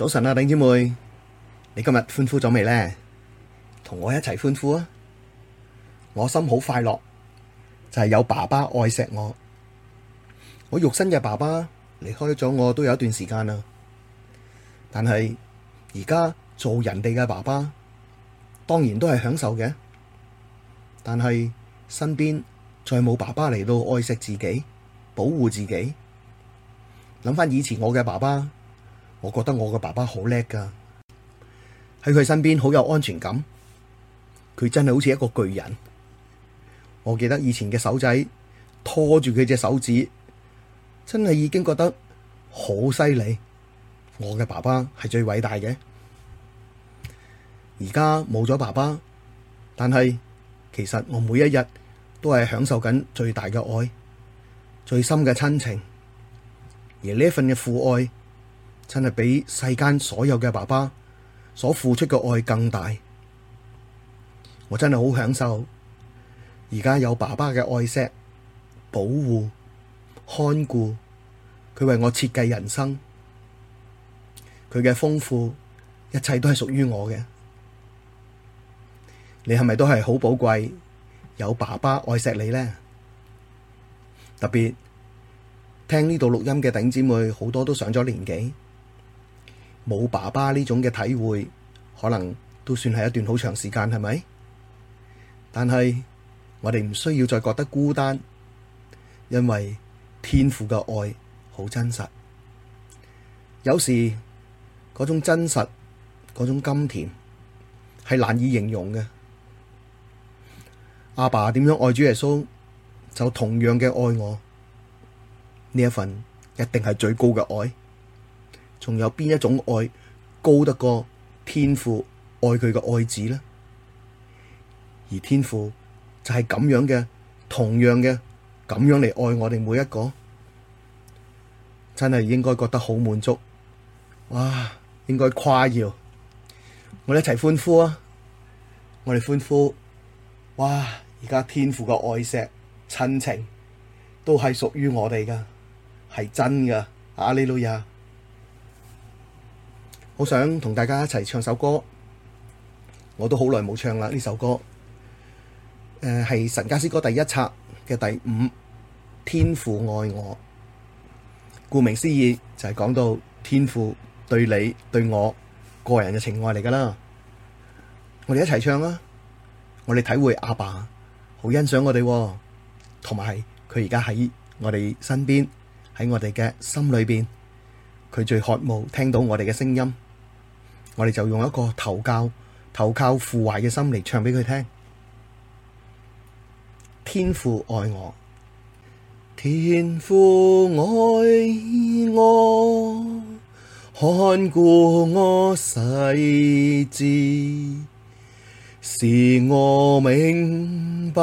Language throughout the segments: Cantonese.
早晨啊，頂姐妹，你今日歡呼咗未呢？同我一齊歡呼啊！我心好快樂，就係、是、有爸爸愛錫我。我肉身嘅爸爸離開咗我都有一段時間啦，但係而家做人哋嘅爸爸，當然都係享受嘅。但係身邊再冇爸爸嚟到愛錫自己、保護自己，諗翻以前我嘅爸爸。我覺得我嘅爸爸好叻㗎，喺佢身邊好有安全感。佢真係好似一個巨人。我記得以前嘅手仔拖住佢隻手指，真係已經覺得好犀利。我嘅爸爸係最偉大嘅。而家冇咗爸爸，但係其實我每一日都係享受緊最大嘅愛、最深嘅親情，而呢一份嘅父愛。真係比世間所有嘅爸爸所付出嘅愛更大。我真係好享受，而家有爸爸嘅愛錫、保護、看顧，佢為我設計人生，佢嘅豐富一切都係屬於我嘅。你係咪都係好寶貴？有爸爸愛錫你呢？特別聽呢度錄音嘅頂姊妹好多都上咗年紀。冇爸爸呢種體會，可能都算係一段好長時間，係咪？但係，我哋唔需要再覺得孤單，因為天父嘅愛好真實。有時，嗰種真實，嗰種甘甜，係難以形容嘅。阿爸點樣愛主耶穌，就同樣嘅愛我，呢一份一定係最高嘅愛，仲有邊一種愛高得過天父愛佢嘅愛子呢？而天父就係咁樣嘅，同樣嘅咁樣嚟愛我哋每一個，真係應該覺得好滿足，哇！應該誇耀，我哋一齊歡呼啊！我哋歡呼，哇！而家天父嘅愛錫親情都係屬於我哋噶，係真噶，阿利路亞。我想同大家一齊唱一首歌，我都好耐冇唱啦呢首歌。誒、呃，係神家詩歌第一冊嘅第五《天父愛我》，顧名思義就係講到天父對你、對我個人嘅情愛嚟噶啦。我哋一齊唱啦！我哋體會阿爸好欣賞我哋、哦，同埋佢而家喺我哋身邊，喺我哋嘅心裏面，佢最渴望聽到我哋嘅聲音。我哋就用一個投教、投靠父懷嘅心嚟唱俾佢聽。天父愛我，天父愛我，看顧我細緻，使我明白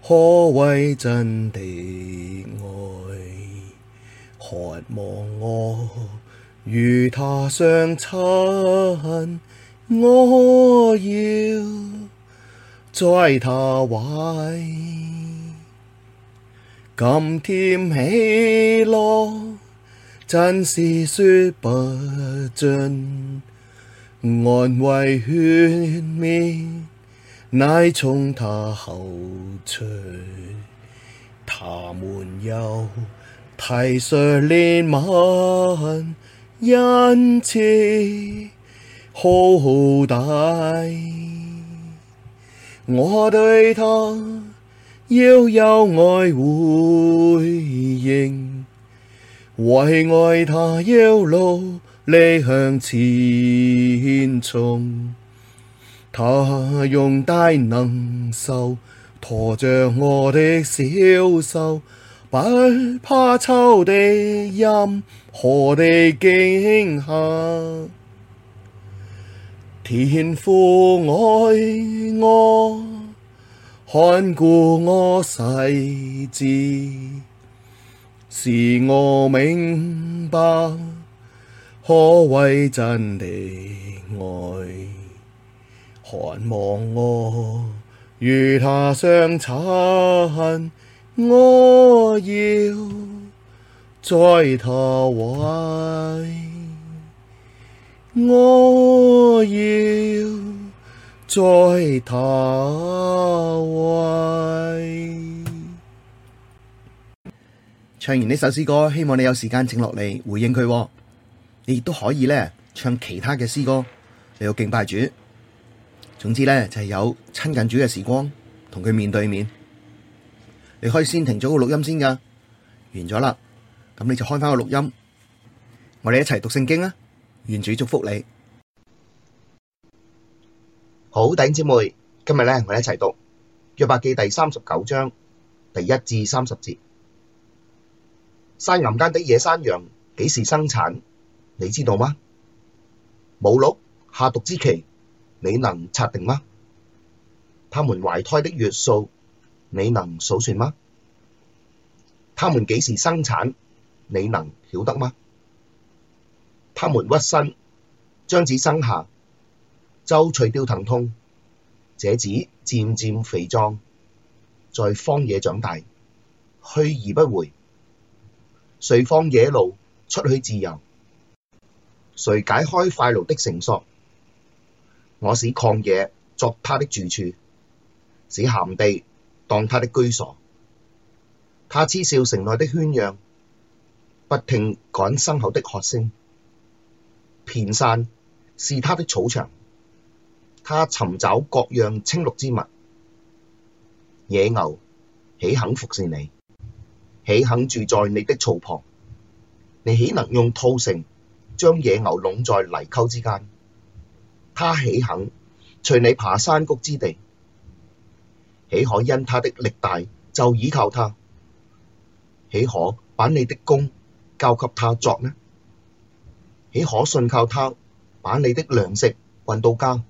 何謂真的愛，渴望我。如他相親，我要在祂懷。甘甜喜樂真是說不盡，安慰勸勉乃從他口出，祂滿有體恤憐憫。恩慈浩大，我對他要有愛回應，為愛他要努力向前衝。他用大能手拖著我的小手。不怕仇敵任何的驚嚇。天父愛我，看顧我細緻，使我明白，何謂真的愛，渴望我與祂相親，我要在祂懷，我要在祂懷。唱完呢首詩歌，希望你有時間靜落嚟回應佢。你亦都可以咧唱其他嘅詩歌嚟要敬拜主。總之咧就係有親近主嘅時光，同佢面對面。你可以先停咗個錄音先噶，完咗啦，咁你就開翻個錄音，我哋一齊讀聖經啊！願主祝福你，好弟兄姊妹，今日咧我哋一齊讀約伯記第三十九章第一至三十節。山巖間啲野山羊幾時生產，你知道嗎？母鹿下犢之期，你能察定嗎？他們懷胎的月數。你能數算嗎？他們幾時生產？你能曉得嗎？他們屈身將子生下，就除掉疼痛，這子漸漸肥壯，在荒野長大，去而不回。誰放野驢出去自由？誰解開快驢的繩索？我使曠野作他的住處，使鹹地，當他的居所，他嗤笑城內的喧嚷，不聽趕牲口的喝聲。遍山是他的草場，他尋找各樣青綠之物。野牛豈肯服事你？豈肯住在你的槽旁？你豈能用套繩將野牛籠在犁溝之間？他豈肯隨你耙山谷之地？豈可因他的力大就倚靠他？豈可把你的工交給他作呢？豈可信靠他把你的糧食運到家，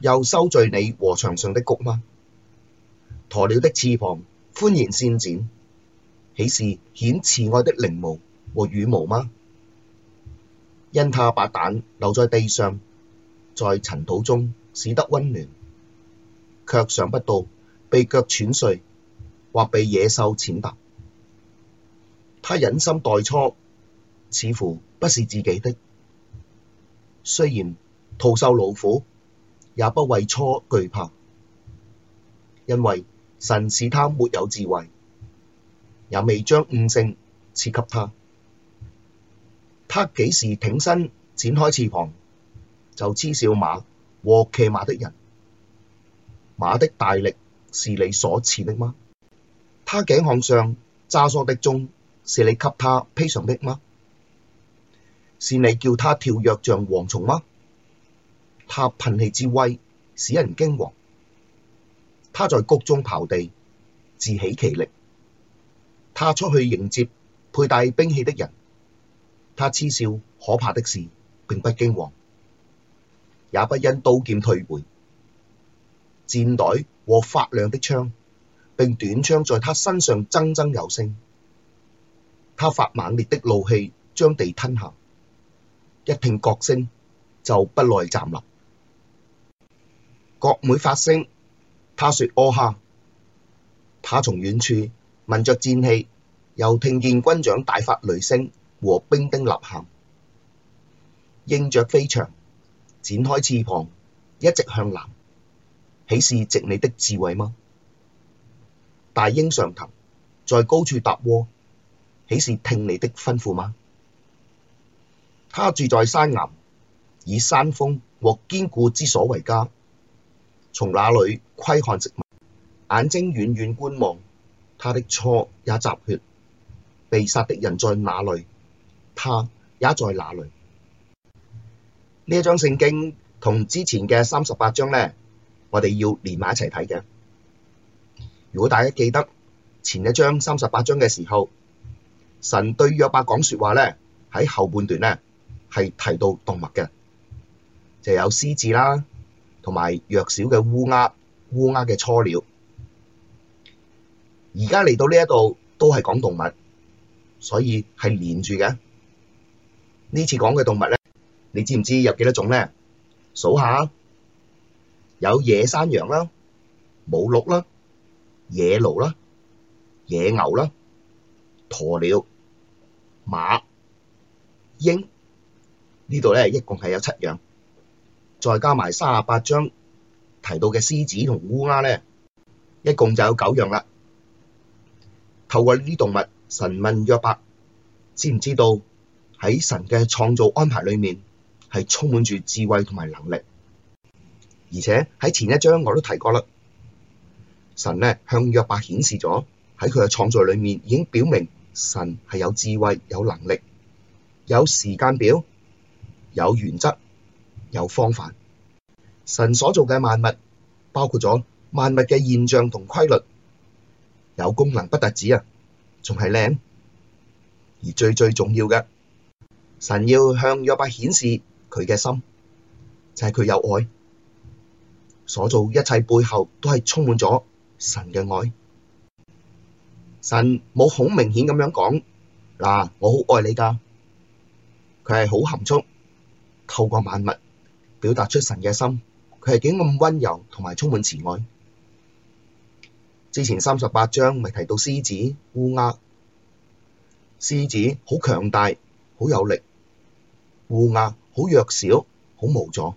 又收聚你禾場上的穀嗎？鴕鳥的翅膀歡然搧展，豈是顯慈愛的翎毛和羽毛嗎？因他把蛋留在地上，在塵土中，使得溫暖。卻想不到被腳踹碎，或被野獸踐踏。他忍心待雛，似乎不是自己的。雖然徒受勞苦，也不為雛懼怕，因為神使他沒有智慧，也未將悟性賜給他。他幾時挺身展開翅膀，就嗤笑馬和騎馬的人。馬的大力是你所賜的嗎？他頸項上挓挱的騌是你給他披上的嗎？是你叫他跳躍像蝗蟲嗎？他噴氣之威使人驚惶。他在谷中刨地，自喜其力。他出去迎接佩戴兵器的人。他痴笑可怕的事，並不驚惶，也不因刀劍退回。箭袋和發亮的槍，並短槍在他身上錚錚有聲。他發猛烈的怒氣，將地吞下。一聽角聲，就不耐站立。角每發聲，他說：“呵哈！”他從遠處聞着戰氣，又聽見軍長大發雷聲和兵丁吶喊，鷹雀飛翔，展開翅膀，一直向南。豈是值你的智慧嗎？大英上騰，在高處搭窩，豈是聽你的吩咐嗎？他住在山巖，以山峰和堅固之所為家。從那裏窺看食物，眼睛遠遠觀望。他的錯也集血，被殺的人在哪裏，他也在哪裏。呢一張聖經同之前嘅三十八章呢？我哋要連埋一齊睇嘅。如果大家記得前一章三十八章嘅時候，神對約伯講說話咧，喺後半段咧係提到動物嘅，就有獅子啦，同埋弱小嘅烏鴉，烏鴉嘅雛鳥。而家嚟到呢一度都係講動物，所以係連住嘅。呢次講嘅動物咧，你知唔知有幾多種咧？數下。有野山羊啦、母鹿啦、野驢啦、野牛啦、鴕鳥、馬、鷹，呢度咧一共係有七樣，再加埋三十八章提到嘅獅子同烏鴉咧，一共就有九樣啦。透過呢啲動物，神問約伯，知唔知道喺神嘅創造安排裏面，係充滿住智慧同埋能力？而且喺前一章我都提過啦，神咧向約伯顯示咗喺佢嘅創造裏面已經表明，神係有智慧、有能力、有時間表、有原則、有方法。神所做嘅萬物，包括咗萬物嘅現象同規律，有功能不特止啊，仲係靚。而最最重要嘅，神要向約伯顯示佢嘅心，就係佢有愛。所做一切背後都係充滿咗神嘅愛。神冇好明顯噉樣講：「嗱，我好愛你㗎！」佢係好含蓄，透過萬物表達出神嘅心。佢係幾咁溫柔同埋充滿慈愛。之前三十38章咪提到獅子、烏鴉。獅子好強大、好有力，烏鴉好弱小、好無助，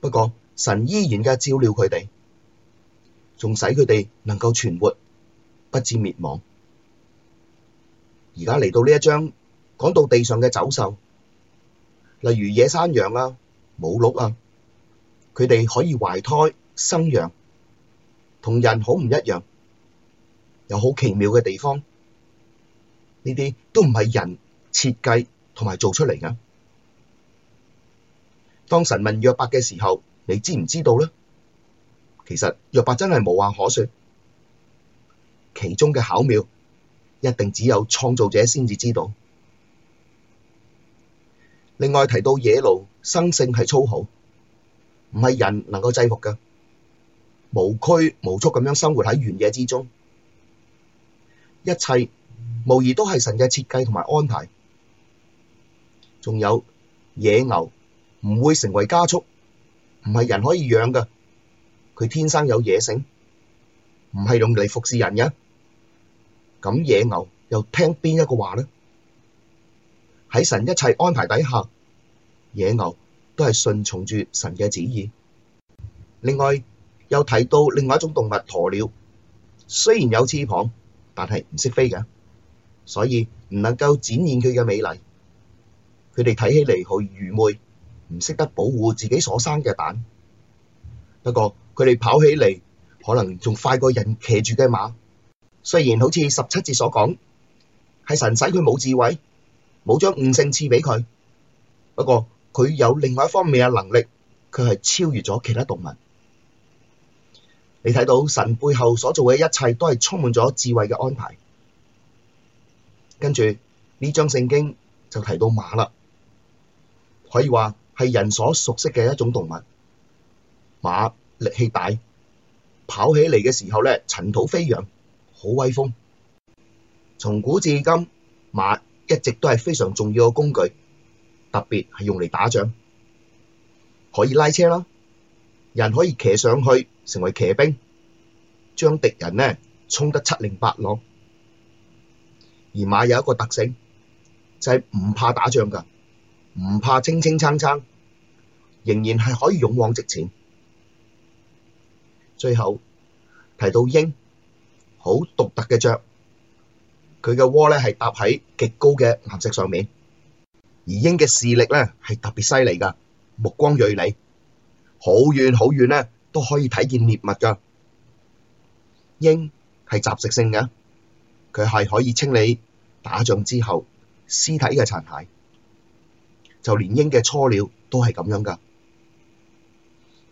不過。神依然嘅照料佢哋，仲使佢哋能夠存活，不至滅亡。而家嚟到呢一章，講到地上嘅走獸，例如野山羊啊、母鹿啊，佢哋可以懷胎生羊，同人好唔一樣，有好奇妙嘅地方。呢啲都唔係人設計同埋做出嚟㗎。當神問約伯嘅時候。你知唔知道咧？其實約伯真係無話可説，其中嘅巧妙一定只有創造者先至知道。另外提到野驢生性係粗豪，唔係人能夠制服嘅，無拘無束咁樣生活喺原野之中，一切無疑都係神嘅設計同埋安排。仲有野牛唔會成為家畜。唔係人可以養噶，佢天生有野性，唔係用嚟服侍人嘅。咁野牛又聽邊一個話呢？喺神一切安排底下，野牛都係順從住神嘅旨意。另外又提到另外一種動物，鴕鳥，雖然有翅膀，但係唔識飛嘅，所以唔能夠展現佢嘅美麗。佢哋睇起嚟好愚昧。唔識得保護自己所生嘅蛋，不過佢哋跑起嚟可能仲快過人騎住嘅馬。雖然好似十七節所講，係神使佢冇智慧，冇將悟性賜畀佢。不過佢有另外一方面嘅能力，佢係超越咗其他動物。你睇到神背後所做嘅一切都係充滿咗智慧嘅安排。跟住呢章聖經就提到馬啦，可以話。係人所熟悉嘅一種動物，馬力氣大，跑起嚟嘅時候咧，塵土飛揚，好威風。從古至今，馬一直都係非常重要嘅工具，特別係用嚟打仗，可以拉車啦，人可以騎上去成為騎兵，將敵人咧衝得七零八落。而馬有一個特性，就係唔怕打仗噶。唔怕清清撐撐，仍然係可以勇往直前。最後提到鷹，好獨特嘅雀，佢嘅窩咧係搭喺極高嘅岩石上面，而鷹嘅視力咧係特別犀利㗎，目光鋭利，好遠好遠咧都可以睇見獵物㗎。鷹係雜食性嘅，佢係可以清理打仗之後屍體嘅殘骸。就連鷹嘅雛鳥都係咁樣噶，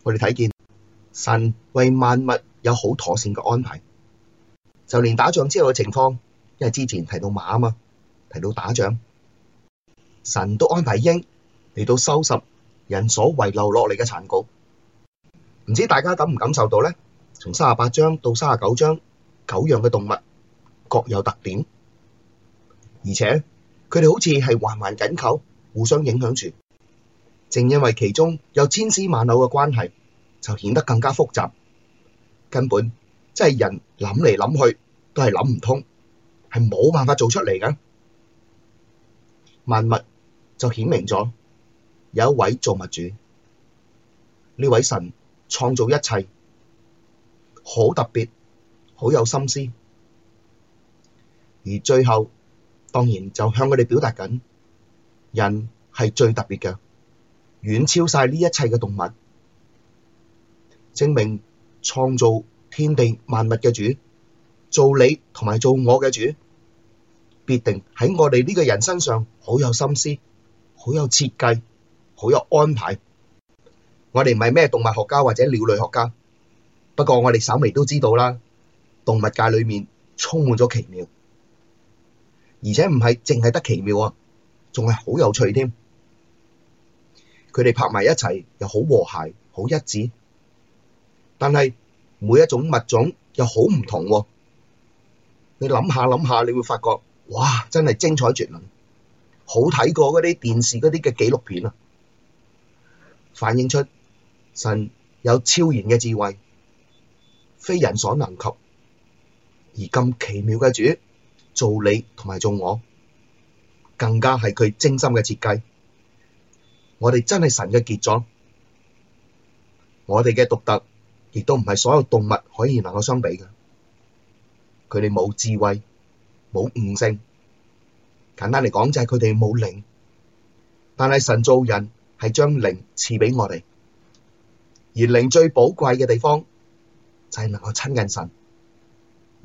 我哋睇見神為萬物有好妥善嘅安排。就連打仗之後嘅情況，因為之前提到馬啊嘛，提到打仗，神都安排鷹嚟到收拾人所遺留落嚟嘅殘局。唔知大家感唔感受到咧？從三十八章到三十九章，九樣嘅動物各有特點，而且佢哋好似係環環緊扣。互相影響住，正因為其中有千絲萬縷嘅關係，就顯得更加複雜。根本即係人諗嚟諗去都係諗唔通，係冇辦法做出嚟嘅。萬物就顯明咗有一位造物主，呢位神創造一切，好特別，好有心思。而最後，當然就向佢哋表達緊。人係最特別嘅，遠超晒呢一切嘅動物，證明創造天地萬物嘅主，做你同埋做我嘅主，必定喺我哋呢個人身上好有心思，好有設計，好有安排。我哋唔係咩動物學家或者鳥類學家，不過我哋稍微都知道啦。動物界裏面充滿咗奇妙，而且唔係淨係得奇妙啊！仲係好有趣添，佢哋拍埋一齊又好和諧，好一致。但係每一種物種又好唔同喎。你諗下諗下，你會發覺，哇！真係精彩絕倫，好睇過嗰啲電視嗰啲嘅紀錄片啊，反映出神有超然嘅智慧，非人所能及，而咁奇妙嘅主造你同埋造我。更加係佢精心嘅設計，我哋真係神嘅傑作，我哋嘅獨特亦都唔係所有動物可以能夠相比嘅，佢哋冇智慧，冇悟性，簡單嚟講就係佢哋冇靈，但係神造人係將靈賜畀我哋，而靈最寶貴嘅地方就係能夠親近神，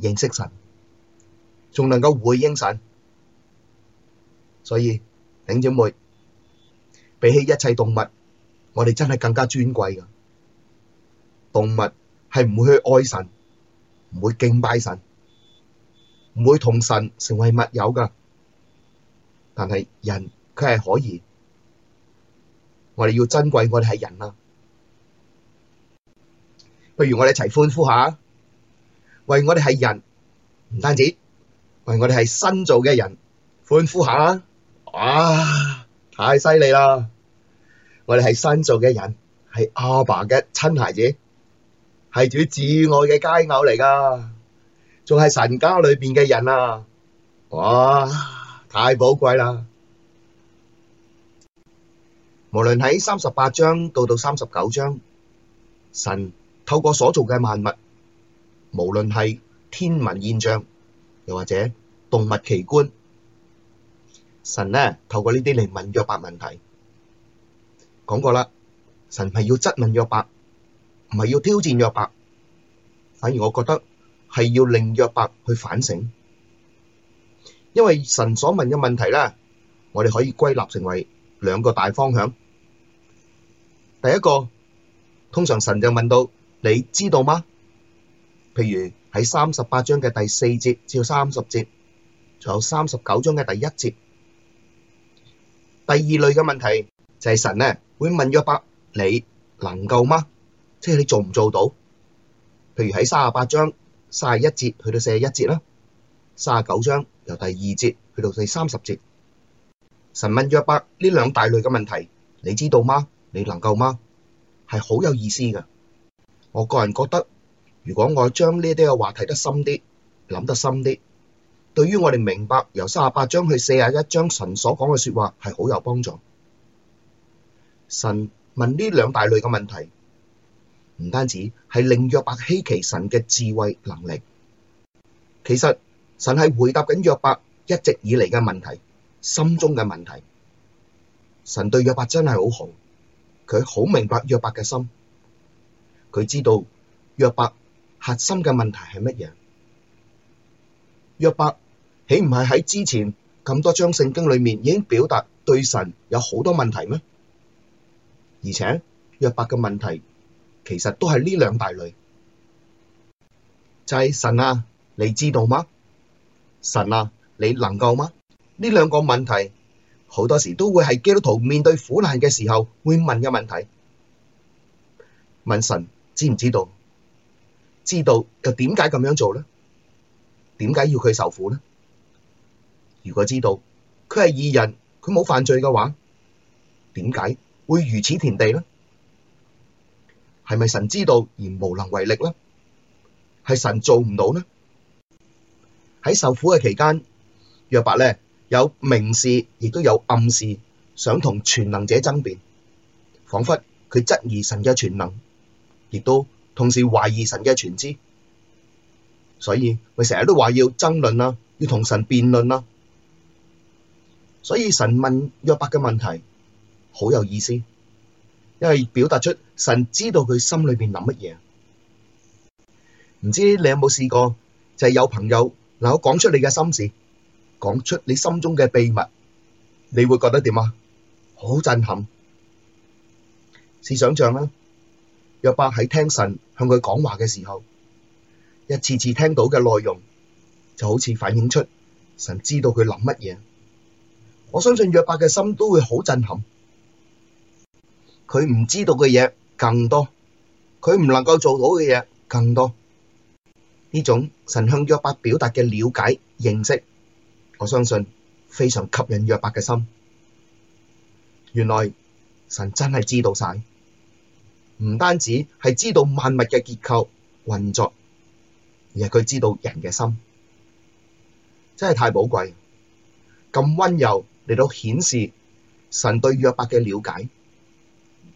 認識神，仲能夠回應神。所以，頂姐妹比起一切動物，我哋真係更加尊貴噶。動物係唔會去愛神，唔會敬拜神，唔會同神成為密友噶。但係人佢係可以，我哋要珍貴我哋係人啦。不如我哋一齊歡呼下，為我哋係人，唔單止，為我哋係新造嘅人歡呼下啦！哇，太犀利啦。我哋係新造嘅人，係阿爸嘅親孩子，係主至愛嘅佳偶嚟㗎，仲係神家裏面嘅人啊！哇，太寶貴啦！無論喺三十八章到到三十九章，神透過所造嘅萬物，無論係天文現象，又或者動物奇觀。神呢透過呢啲嚟問約伯問題，講過啦，神唔係要質問約伯，唔係要挑戰約伯，反而我覺得係要令約伯去反省，因為神所問嘅問題呢，我哋可以歸納成為兩個大方向。第一個，通常神就問到你知道嗎？譬如喺三十八章嘅第四節至到三十節，仲有三十九章嘅第一節。第二類嘅問題就係、是、神咧會問約伯，你能夠嗎？即係你做唔做到？譬如喺三十八章三十一節去到四十一節啦，三十九章由第二節去到第三十節，神問約伯呢兩大類嘅問題，你知道嗎？你能夠嗎？係好有意思噶。我個人覺得，如果我將呢啲嘅話睇得深啲，諗得深啲。對於我哋明白由三十八章去四十一章神所講嘅說話係好有幫助。神問呢兩大類嘅問題，唔單止係令約伯稀奇神嘅智慧能力，其實神係回答緊約伯一直以嚟嘅問題，心中嘅問題。神對約伯真係好好，佢好明白約伯嘅心，佢知道約伯核心嘅問題係乜嘢。約伯。豈唔係喺之前咁多章聖經裏面已經表達對神有好多問題咩？而且約伯嘅問題其實都係呢兩大類，就係、是、神啊，你知道嗎？神啊，你能夠嗎？呢兩個問題好多時都會係基督徒面對苦難嘅時候會問嘅問題，問神知唔知道？知道又點解咁樣做咧？點解要佢受苦咧？如果知道佢係義人，佢冇犯罪嘅話，點解會如此田地呢？係咪神知道而無能為力呢？係神做唔到呢？喺受苦嘅期間，約伯呢有明示，亦都有暗示，想同全能者爭辯，仿佛佢質疑神嘅全能，亦都同時懷疑神嘅全知，所以佢成日都話要爭論啦，要同神辯論啦。所以神問約伯嘅問題好有意思，因為表達出神知道佢心裏面諗乜嘢。唔知你有冇試過，就係、是、有朋友能夠講出你嘅心事，講出你心中嘅秘密，你會覺得點啊？好震撼！試想象啦，約伯喺聽神向佢講話嘅時候，一次次聽到嘅內容，就好似反映出神知道佢諗乜嘢。我相信約伯嘅心都會好震撼，佢唔知道嘅嘢更多，佢唔能夠做到嘅嘢更多。呢種神向約伯表達嘅了解認識，我相信非常吸引約伯嘅心。原來神真係知道晒，唔單止係知道萬物嘅結構運作，而係佢知道人嘅心，真係太寶貴，咁溫柔。嚟到顯示神對約伯嘅了解，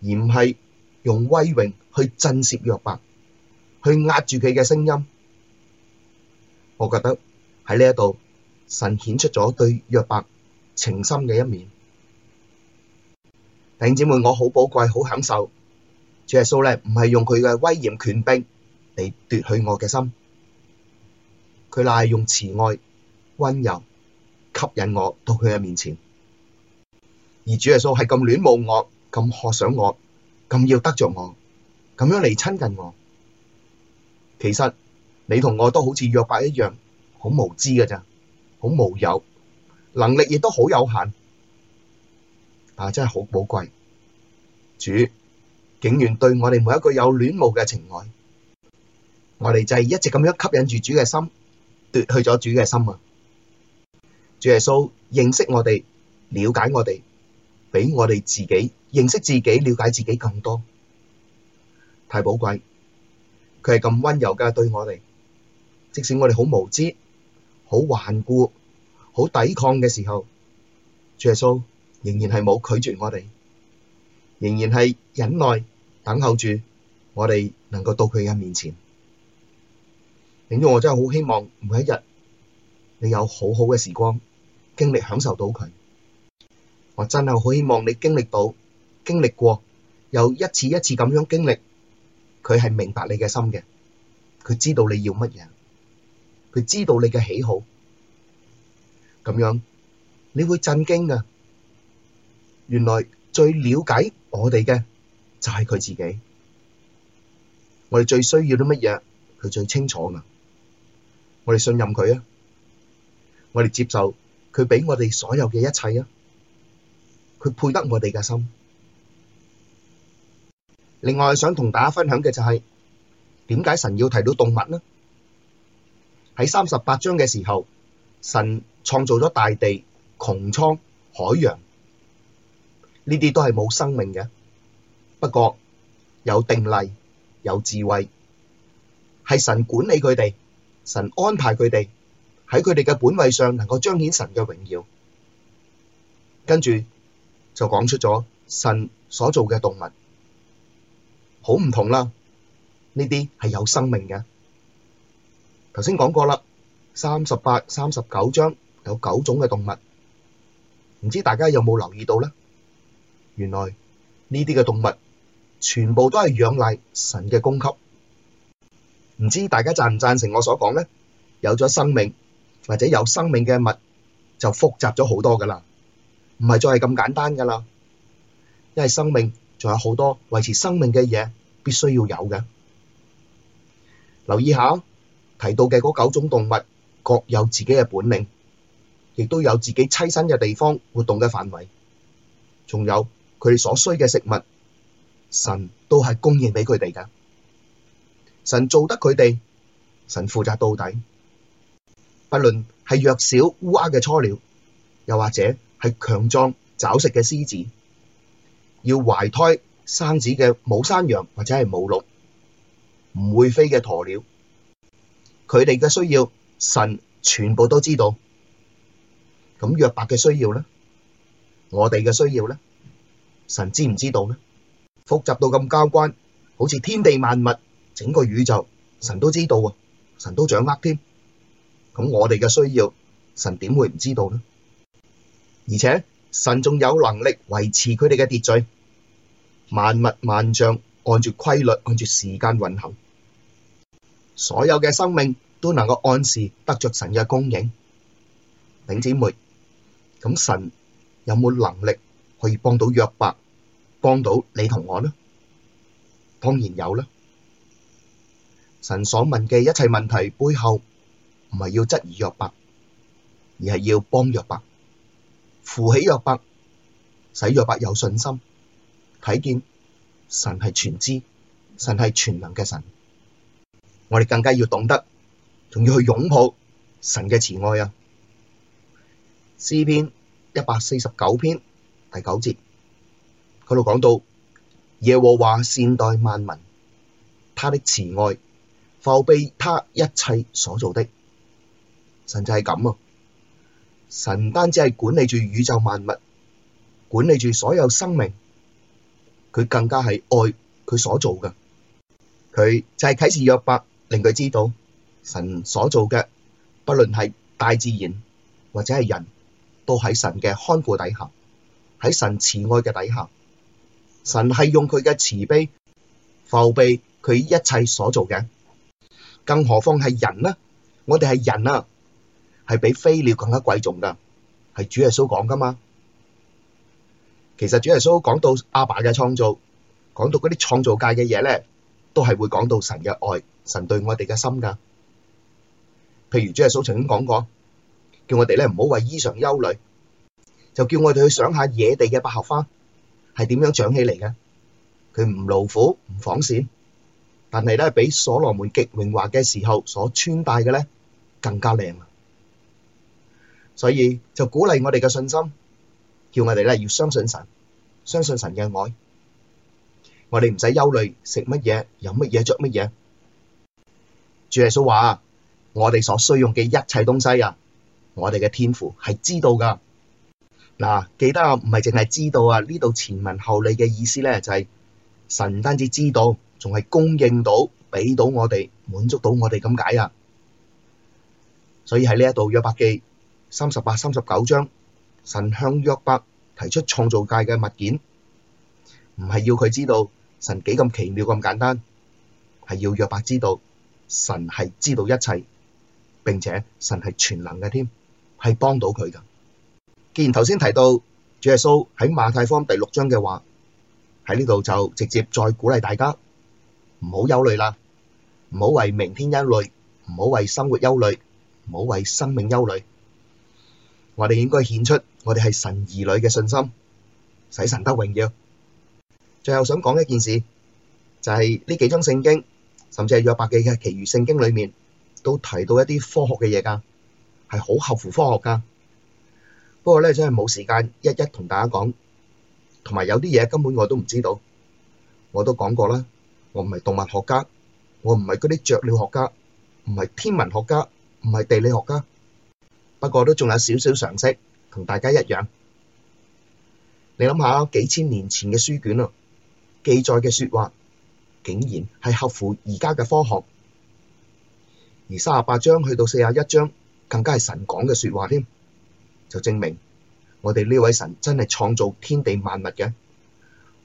而唔係用威榮去震懾約伯，去壓住佢嘅聲音。我覺得喺呢一度，神顯出咗對約伯情深嘅一面。弟兄姊妹，我好寶貴，好享受主耶穌咧，唔係用佢嘅威嚴權柄嚟奪去我嘅心，佢乃係用慈愛溫柔吸引我到佢嘅面前。而主耶穌係咁戀慕我，咁渴想我，咁要得着我，咁樣嚟親近我。其實你同我都好似約伯一樣，好無知噶咋，好無有，能力亦都好有限，但係真係好寶貴。主，竟然對我哋每一個有戀慕嘅情愛，我哋就係一直咁樣吸引住主嘅心，奪去咗主嘅心啊！主耶穌認識我哋，了解我哋。俾我哋自己認識自己、了解自己更多，太寶貴。佢係咁溫柔噶，對我哋，即使我哋好無知、好頑固、好抵抗嘅時候，主耶穌仍然係冇拒絕我哋，仍然係忍耐等候住我哋能夠到佢嘅面前。令到我真係好希望每一日你有好好嘅時光，經歷享受到佢。我真係好希望你經歷到、經歷過，又一次一次咁樣經歷，佢係明白你嘅心嘅，佢知道你要乜嘢，佢知道你嘅喜好，咁樣你會震驚㗎。原來最了解我哋嘅就係佢自己，我哋最需要啲乜嘢，佢最清楚㗎。我哋信任佢啊，我哋接受佢畀我哋所有嘅一切啊。佢配得我哋嘅心。另外想同大家分享嘅就係點解神要提到動物呢？喺三十八章嘅時候，神創造咗大地、穹蒼、海洋，呢啲都係冇生命嘅，不過有定例、有智慧，係神管理佢哋，神安排佢哋喺佢哋嘅本位上能夠彰顯神嘅榮耀，跟住。就講出咗神所做嘅動物好唔同啦，呢啲係有生命嘅。頭先講過啦，三十八、三十九章有九種嘅動物，唔知大家有冇留意到咧？原來呢啲嘅動物全部都係仰賴神嘅供給。唔知大家讚唔讚成我所講咧？有咗生命或者有生命嘅物就複雜咗好多㗎啦。唔係再係咁簡單噶啦，因為生命仲有好多維持生命嘅嘢，必須要有嘅。留意下提到嘅嗰九種動物，各有自己嘅本領，亦都有自己棲身嘅地方、活動嘅範圍，仲有佢哋所需嘅食物，神都係供應畀佢哋噶。神做得佢哋，神負責到底，不論係弱小烏鴉嘅雛鳥，又或者。係強壯找食嘅獅子，要懷胎生子嘅母山羊或者係母鹿，唔會飛嘅鴕鳥，佢哋嘅需要神全部都知道。咁約伯嘅需要咧，我哋嘅需要咧，神知唔知道咧？複雜到咁交關，好似天地萬物整個宇宙，神都知道啊，神都掌握添。咁我哋嘅需要，神點會唔知道咧？而且神仲有能力維持佢哋嘅秩序，萬物萬象按住規律，按住時間運行，所有嘅生命都能夠按時得着神嘅供應。弟兄姊妹，咁神有冇能力可以幫到約伯，幫到你同我呢？當然有啦。神所問嘅一切問題背後，唔係要質疑約伯，而係要幫約伯。扶起約伯，使約伯有信心，睇見神係全知、神係全能嘅神。我哋更加要懂得，仲要去擁抱神嘅慈愛啊！詩篇一百四十九篇第九節，佢度講到耶和華善待萬民，他的慈愛覆庇他一切所做的。神就係咁啊！神唔單止係管理住宇宙萬物，管理住所有生命，佢更加係愛佢所做嘅。佢就係啟示約伯，令佢知道神所做嘅，不論係大自然或者係人，都喺神嘅看顧底下，喺神慈愛嘅底下。神係用佢嘅慈悲，覆庇佢一切所做嘅。更何況係人呢？我哋係人啊！係比飛鳥更加貴重噶，係主耶穌講噶嘛。其實主耶穌講到阿爸嘅創造，講到嗰啲創造界嘅嘢咧，都係會講到神嘅愛，神對我哋嘅心噶。譬如主耶穌曾經講過，叫我哋咧唔好為衣裳憂慮，就叫我哋去想下野地嘅百合花係點樣長起嚟嘅。佢唔勞苦，唔紡線，但係咧比所羅門極榮華嘅時候所穿戴嘅咧更加靚啊！所以就鼓勵我哋嘅信心，叫我哋咧要相信神，相信神嘅愛。我哋唔使憂慮食乜嘢、飲乜嘢、着乜嘢。主耶穌話我哋所需用嘅一切東西啊，我哋嘅天父係知道㗎。嗱、啊，記得啊，唔係淨係知道啊，呢度前文後理嘅意思咧、就係，就係神唔單止知道，仲係供應到，畀到我哋滿足到我哋咁解啊。所以喺呢一度約伯記。三十八、三十九章，神向約伯提出創造界嘅物件，唔係要佢知道神幾咁奇妙咁簡單，係要約伯知道神係知道一切，並且神係全能嘅添，係幫到佢噶。既然頭先提到主耶穌喺馬太方第六章嘅話，喺呢度就直接再鼓勵大家唔好憂慮啦，唔好為明天憂慮，唔好為生活憂慮，唔好為生命憂慮。我哋應該顯出我哋係神兒女嘅信心，使神得榮耀。最後想講一件事，就係呢幾章聖經，甚至係約伯記嘅其餘聖經裏面，都提到一啲科學嘅嘢噶，係好合乎科學噶。不過咧，真係冇時間一一同大家講，同埋有啲嘢根本我都唔知道。我都講過啦，我唔係動物學家，我唔係嗰啲雀鳥學家，唔係天文學家，唔係地理學家。不過都仲有少少常識，同大家一樣。你諗下，幾千年前嘅書卷啊，記載嘅説話，竟然係合乎而家嘅科學。而三十八章去到四十一章，更加係神講嘅説話添，就證明我哋呢位神真係創造天地萬物嘅，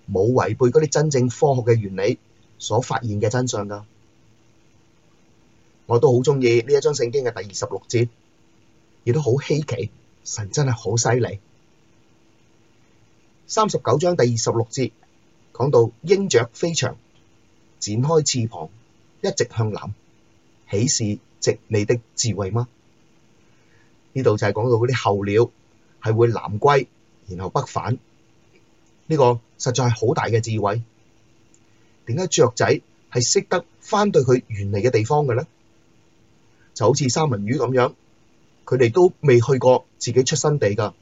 冇違背嗰啲真正科學嘅原理所發現嘅真相㗎。我都好鍾意呢一章聖經嘅第二十六節。亦都好稀奇，神真係好犀利。三十九章第二十六節講到鷹雀飛翔，展開翅膀，一直向南，豈是藉你的智慧嗎？呢度就係講到嗰啲候鳥係會南歸，然後北返，呢、這個實在係好大嘅智慧。點解雀仔係識得返對佢原嚟嘅地方嘅呢？就好似三文魚咁樣。佢哋都未去過自己出生地噶，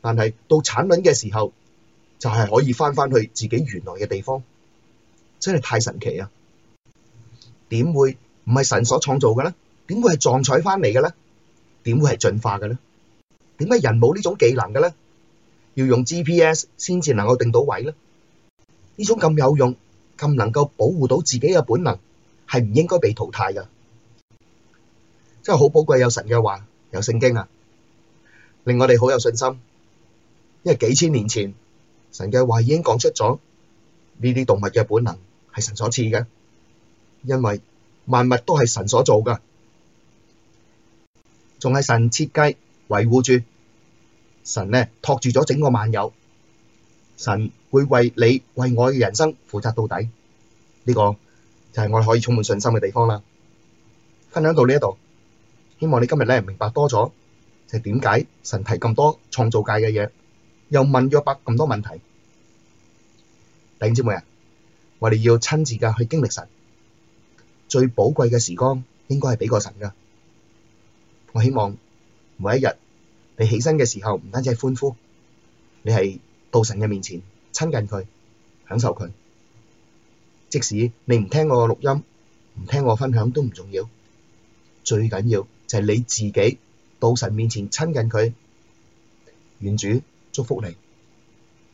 但係到產卵嘅時候就係可以翻翻去自己原來嘅地方，真係太神奇啊！點會唔係神所創造嘅咧？點會係撞彩翻嚟嘅咧？點會係進化嘅咧？點解人冇呢種技能嘅咧？要用 GPS 先至能夠定到位咧？呢種咁有用、咁能夠保護到自己嘅本能係唔應該被淘汰噶。真係好寶貴，有神嘅話，有聖經啊，令我哋好有信心。因為幾千年前，神嘅話已經講出咗呢啲動物嘅本能係神所賜嘅，因為萬物都係神所做㗎，仲係神設計維護住神呢托住咗整個萬有，神會為你為我嘅人生負責到底。呢、呢個就係我哋可以充滿信心嘅地方啦。分享到呢一度。希望你今日咧明白多咗，就係點解神提咁多創造界嘅嘢，又問咗約伯咁多問題。但係你知唔知啊？我哋要親自嘅去經歷神最寶貴嘅時光，應該係畀個神噶。我希望每一日你起身嘅時候，唔單止係歡呼，你係到神嘅面前親近佢，享受佢。即使你唔聽我嘅錄音，唔聽我分享都唔重要，最緊要。就係你自己到神面前親近佢，願主祝福你。